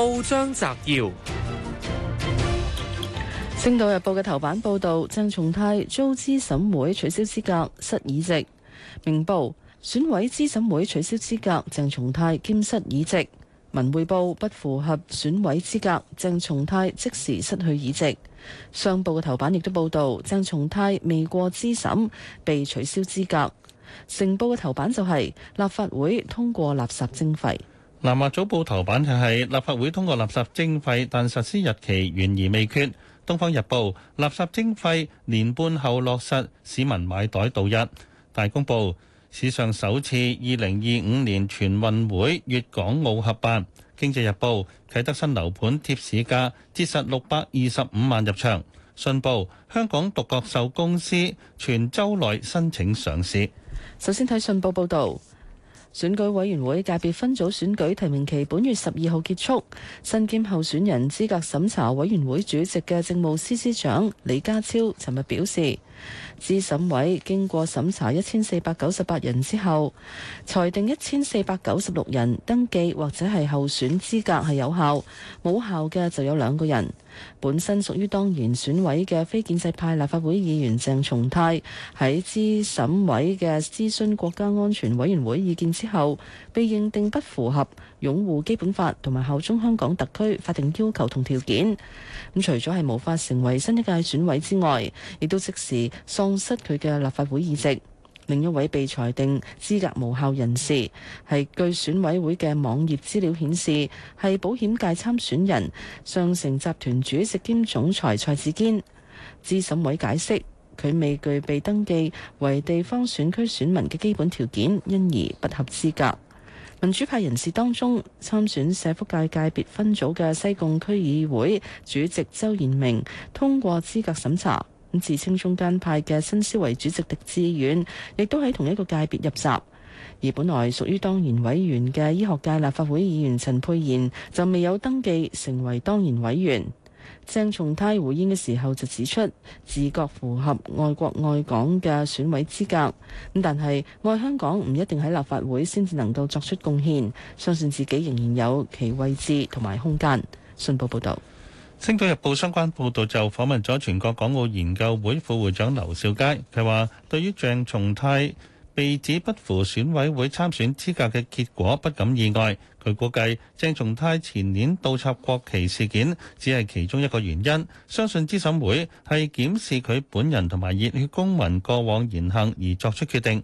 報章摘要：星島日報嘅頭版報道鄭松泰遭資審會取消資格失議席；明報選委資審會取消資格鄭松泰兼失議席；文匯報不符合選委資格鄭松泰即時失去議席。上報嘅頭版亦都報道鄭松泰未過資審被取消資格。成報嘅頭版就係、是、立法會通過垃圾徵費。南華早報頭版就係立法會通過垃圾徵費，但實施日期懸而未決。東方日報，垃圾徵費年半後落實，市民買袋度日。大公報，史上首次，二零二五年全運會粵港澳合辦。經濟日報，啟德新樓盤貼市價，折實六百二十五萬入場。信報，香港獨角獸公司全周內申請上市。首先睇信報報道。選舉委員會界別分組選舉提名期本月十二號結束，身兼候選人資格審查委員會主席嘅政務司司長李家超尋日表示。咨審委經過審查一千四百九十八人之後，裁定一千四百九十六人登記或者係候選資格係有效，冇效嘅就有兩個人。本身屬於當然選委嘅非建制派立法會議員鄭松泰喺咨審委嘅諮詢國家安全委員會意見之後，被認定不符合擁護基本法同埋效忠香港特區法定要求同條件。咁除咗係無法成為新一屆選委之外，亦都即時喪失佢嘅立法會議席。另一位被裁定資格無效人士，係據選委會嘅網頁資料顯示，係保險界參選人、上城集團主席兼總裁蔡志堅。資審委解釋，佢未具備登記為地方選區選民嘅基本條件，因而不合資格。民主派人士當中參選社福界界別分組嘅西貢區議會主席周延明通過資格審查，咁自稱中間派嘅新思維主席狄志遠亦都喺同一個界別入閘，而本來屬於當然委員嘅醫學界立法會議員陳沛然就未有登記成為當然委員。鄭松泰回應嘅時候就指出，自覺符合愛國愛港嘅選委資格，咁但係愛香港唔一定喺立法會先至能夠作出貢獻，相信自己仍然有其位置同埋空間。信報報道，《星島日報》相關報道就訪問咗全國港澳研究會副會長劉兆佳，佢話對於鄭松泰。被指不符選委會參選資格嘅結果不感意外，佢估計鄭松泰前年倒插國旗事件只係其中一個原因，相信資審會係檢視佢本人同埋熱血公民過往言行而作出決定。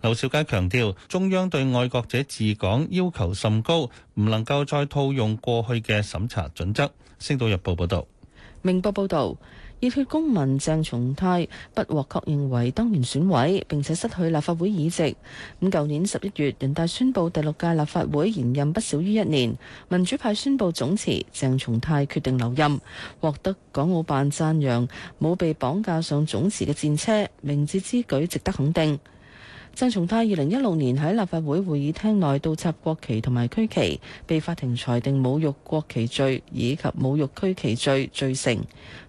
劉兆佳強調，中央對愛國者治港要求甚高，唔能夠再套用過去嘅審查準則。星島日報報道，明報報道。熱血公民鄭松泰不獲確認為當然選委，並且失去立法會議席。咁舊年十一月，人大宣布第六屆立法會延任不少於一年。民主派宣布總辭，鄭松泰決定留任，獲得港澳辦讚揚，冇被綁架上總辭嘅戰車，明智之舉，值得肯定。鄭松泰二零一六年喺立法會會議廳內倒插國旗同埋區旗，被法庭裁定侮辱國旗罪以及侮辱區旗罪罪成。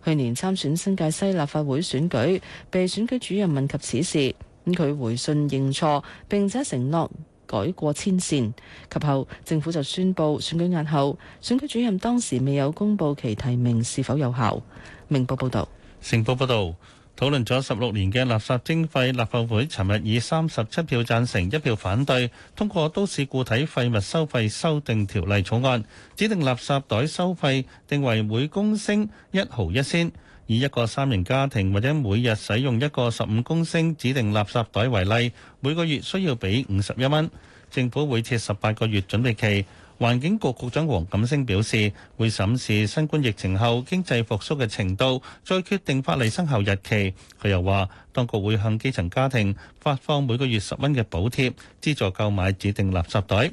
去年參選新界西立法會選舉，被選舉主任問及此事，咁佢回信認錯，並且承諾改過遷善。及後政府就宣布選舉押後，選舉主任當時未有公布其提名是否有效。明報報道，成報報道。討論咗十六年嘅垃圾徵費，立法會尋日以三十七票贊成一票反對通過《都市固體廢物收費修訂條例草案》，指定垃圾袋收費定為每公升一毫一仙。以一個三人家庭或者每日使用一個十五公升指定垃圾袋為例，每個月需要俾五十一蚊。政府會設十八個月準備期。環境局局長黃錦星表示，會審視新冠疫情後經濟復甦嘅程度，再決定法例生效日期。佢又話，當局會向基層家庭發放每個月十蚊嘅補貼，資助購買指定垃圾袋。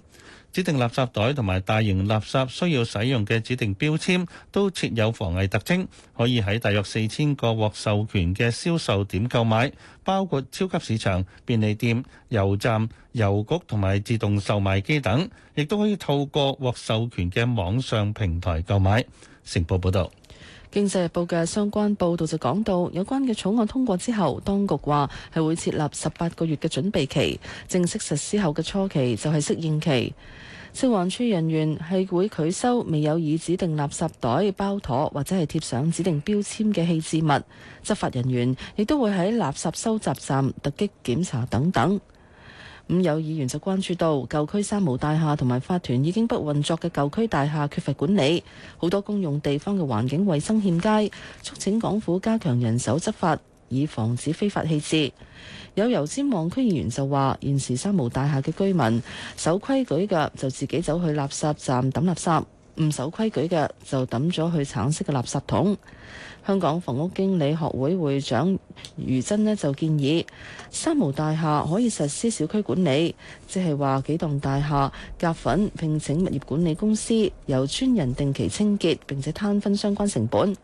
指定垃圾袋同埋大型垃圾需要使用嘅指定標籤都設有防偽特徵，可以喺大約四千個獲授權嘅銷售點購買，包括超級市場、便利店、油站、郵局同埋自動售賣機等，亦都可以透過獲授權嘅網上平台購買。成報報道。經濟日報嘅相關報導就講到，有關嘅草案通過之後，當局話係會設立十八個月嘅準備期，正式實施後嘅初期就係適應期。消防處人員係會拒收未有以指定垃圾袋包妥或者係貼上指定標籤嘅棄置物，執法人員亦都會喺垃圾收集站突擊檢查等等。咁有議員就關注到舊區三無大廈同埋法團已經不運作嘅舊區大廈缺乏管理，好多公用地方嘅環境衛生欠佳，促請港府加強人手執法，以防止非法棄置。有油尖旺區議員就話：現時三無大廈嘅居民守規矩㗎就自己走去垃圾站抌垃圾。唔守規矩嘅就抌咗去橙色嘅垃圾桶。香港房屋經理學會會長余珍呢，就建議，三無大廈可以實施小區管理，即係話幾棟大廈夾份，聘請物業管理公司，由專人定期清潔，並且攤分相關成本。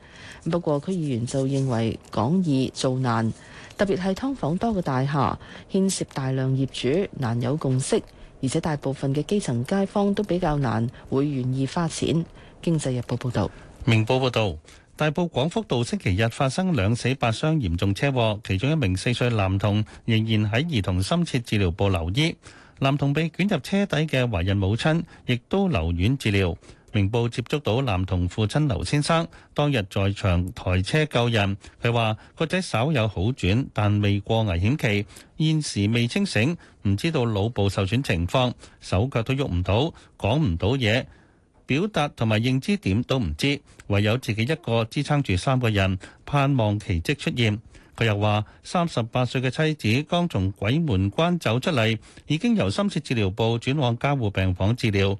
不過區議員就認為講易做難，特別係劏房多嘅大廈，牽涉大量業主，難有共識。而且大部分嘅基層街坊都比較難會願意花錢。經濟日報報道，明報報道，大埔廣福道星期日發生兩死八傷嚴重車禍，其中一名四歲男童仍然喺兒童深切治療部留醫，男童被捲入車底嘅懷孕母親亦都留院治療。明報接觸到男童父親劉先生，當日在場抬車救人。佢話：個仔稍有好轉，但未過危險期，現時未清醒，唔知道腦部受損情況，手腳都喐唔到，講唔到嘢，表達同埋認知點都唔知，唯有自己一個支撐住三個人，盼望奇蹟出現。佢又話：三十八歲嘅妻子剛從鬼門關走出嚟，已經由深切治療部轉往加護病房治療。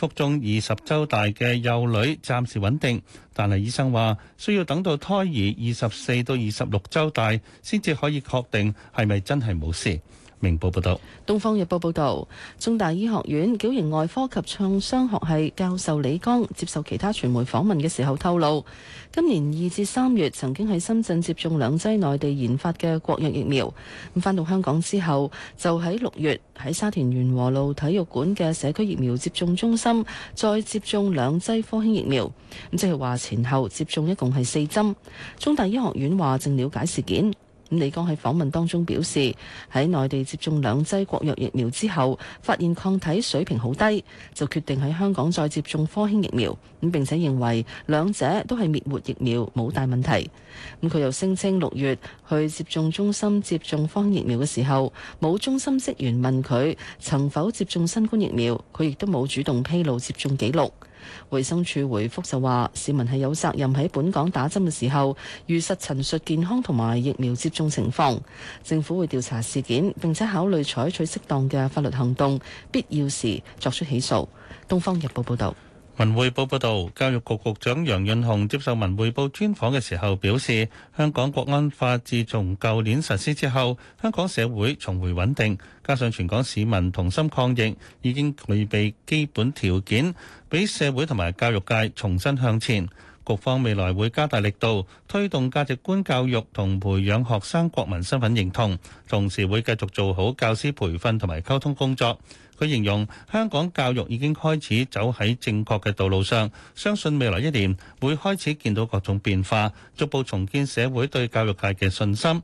腹中二十周大嘅幼女暫時穩定，但係醫生話需要等到胎兒二十四到二十六周大先至可以確定係咪真係冇事。明報報道，東方日報報道，中大醫學院矯形外科及創傷學系教授李剛接受其他傳媒訪問嘅時候透露，今年二至三月曾經喺深圳接種兩劑內地研發嘅國藥疫苗，咁返到香港之後，就喺六月喺沙田源禾路體育館嘅社區疫苗接種中心再接種兩劑科興疫苗，咁即係話前後接種一共係四針，中大醫學院話正了解事件。李剛喺訪問當中表示，喺內地接種兩劑國藥疫苗之後，發現抗體水平好低，就決定喺香港再接種科興疫苗。咁並且認為兩者都係滅活疫苗，冇大問題。咁佢又聲稱六月去接種中心接種科興疫苗嘅時候，冇中心職員問佢曾否接種新冠疫苗，佢亦都冇主動披露接種記錄。衛生署回覆就話，市民係有責任喺本港打針嘅時候，如實陳述健康同埋疫苗接種情況。政府會調查事件，並且考慮採取適當嘅法律行動，必要時作出起訴。東方日報報道。文匯報報道，教育局局長楊潤雄接受文匯報專訪嘅時候表示，香港國安法自從舊年實施之後，香港社會重回穩定，加上全港市民同心抗疫，已經具備基本條件，俾社會同埋教育界重新向前。局方未來會加大力度推動價值觀教育同培養學生國民身份認同，同時會繼續做好教師培訓同埋溝通工作。佢形容香港教育已經開始走喺正確嘅道路上，相信未來一年會開始見到各種變化，逐步重建社會對教育界嘅信心。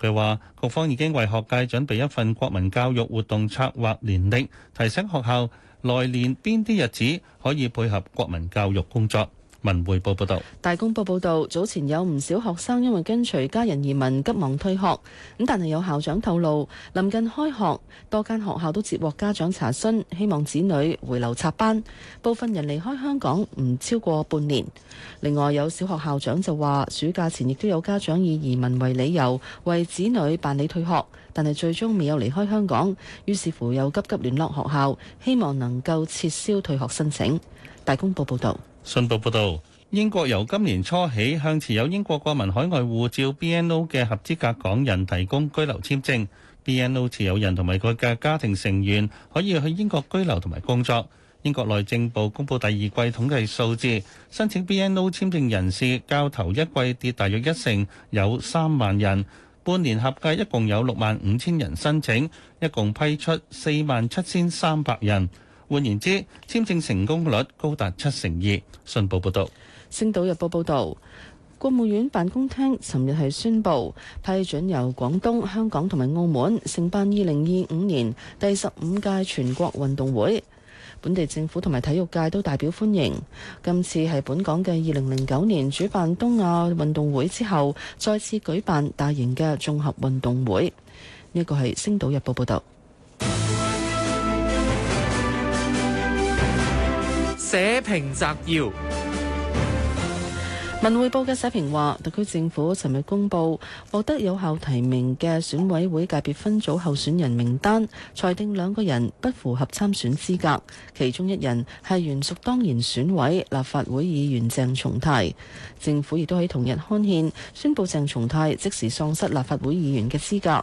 佢話局方已經為學界準備一份國民教育活動策劃年曆，提醒學校來年邊啲日子可以配合國民教育工作。文匯報報道，大公報報道，早前有唔少學生因為跟隨家人移民，急忙退學。咁，但係有校長透露，臨近開學，多間學校都接獲家長查詢，希望子女回流插班。部分人離開香港唔超過半年。另外，有小學校長就話，暑假前亦都有家長以移民為理由為子女辦理退學，但係最終未有離開香港，於是乎又急急聯絡學校，希望能夠撤銷退學申請。大公報報道。信報報道，英國由今年初起，向持有英國國民海外護照 （BNO） 嘅合資格港人提供居留簽證。BNO 持有人同埋佢嘅家庭成員可以去英國居留同埋工作。英國內政部公布第二季統計數字，申請 BNO 簽證人士較頭一季跌大約一成，有三萬人。半年合計一共有六萬五千人申請，一共批出四萬七千三百人。換言之，簽證成功率高達七成二。信報報導，《星島日報》報導，國務院辦公廳尋日係宣佈批准由廣東、香港同埋澳門承辦二零二五年第十五屆全國運動會。本地政府同埋體育界都大表歡迎。今次係本港嘅二零零九年主辦東亞運動會之後，再次舉辦大型嘅綜合運動會。呢一個係《星島日報》報導。社評摘要。文匯報嘅社評話，特區政府尋日公布獲得有效提名嘅選委會界別分組候選人名單，裁定兩個人不符合參選資格，其中一人係原屬當然選委立法會議員鄭松泰。政府亦都喺同日刊憲宣布鄭松泰即時喪失立法會議員嘅資格。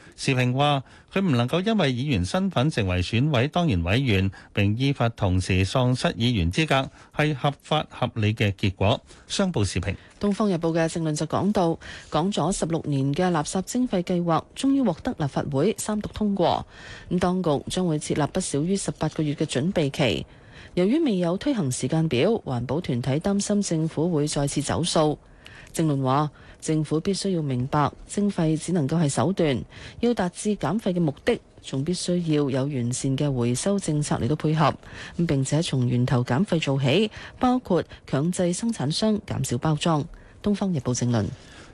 時評話：佢唔能夠因為議員身份成為選委當然委員，並依法同時喪失議員資格，係合法合理嘅結果。商報時評，《東方日報》嘅政論就講到，講咗十六年嘅垃圾徵費計劃，終於獲得立法會三讀通過。咁當局將會設立不少於十八個月嘅準備期。由於未有推行時間表，環保團體擔心政府會再次走數。政論話，政府必須要明白徵費只能夠係手段，要達至減廢嘅目的，仲必須要有完善嘅回收政策嚟到配合，並且從源頭減廢做起，包括強制生產商減少包裝。東方日報政論。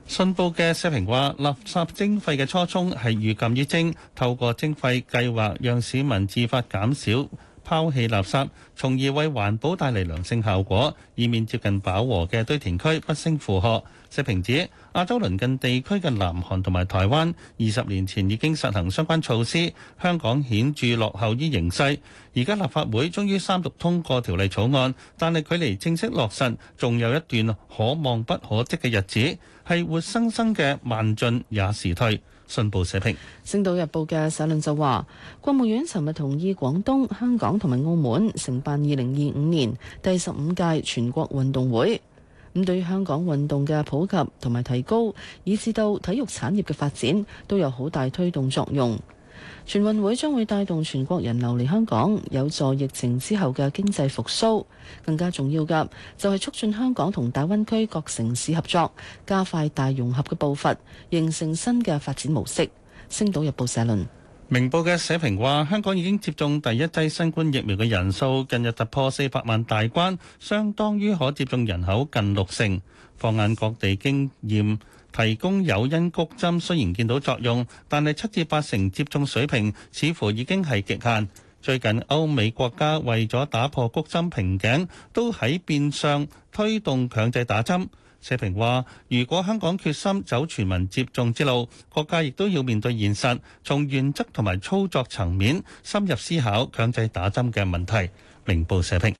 信報嘅社評話，垃圾徵費嘅初衷係寓禁於徵，透過徵費計劃讓市民自發減少拋棄垃圾，從而為環保帶嚟良性效果，以免接近飽和嘅堆填區不勝負荷。石平指亞洲鄰近地區嘅南韓同埋台灣二十年前已經實行相關措施，香港顯著落後於形勢。而家立法會終於三讀通過條例草案，但係距離正式落實仲有一段可望不可即嘅日子，係活生生嘅慢進也是退。信報社評，《星島日報》嘅社論就話：國務院尋日同意廣東、香港同埋澳門承辦二零二五年第十五屆全國運動會，咁對香港運動嘅普及同埋提高，以至到體育產業嘅發展，都有好大推動作用。全運會將會帶動全國人流嚟香港，有助疫情之後嘅經濟復甦。更加重要嘅，就係促進香港同大灣區各城市合作，加快大融合嘅步伐，形成新嘅發展模式。星島日報社論。明報嘅社評話，香港已經接種第一劑新冠疫苗嘅人數，近日突破四百萬大關，相當於可接種人口近六成。放眼各地經驗。提供有因谷針雖然見到作用，但係七至八成接種水平似乎已經係極限。最近歐美國家為咗打破谷針瓶頸，都喺變相推動強制打針。社評話：如果香港決心走全民接種之路，國家亦都要面對現實，從原則同埋操作層面深入思考強制打針嘅問題。明報社評。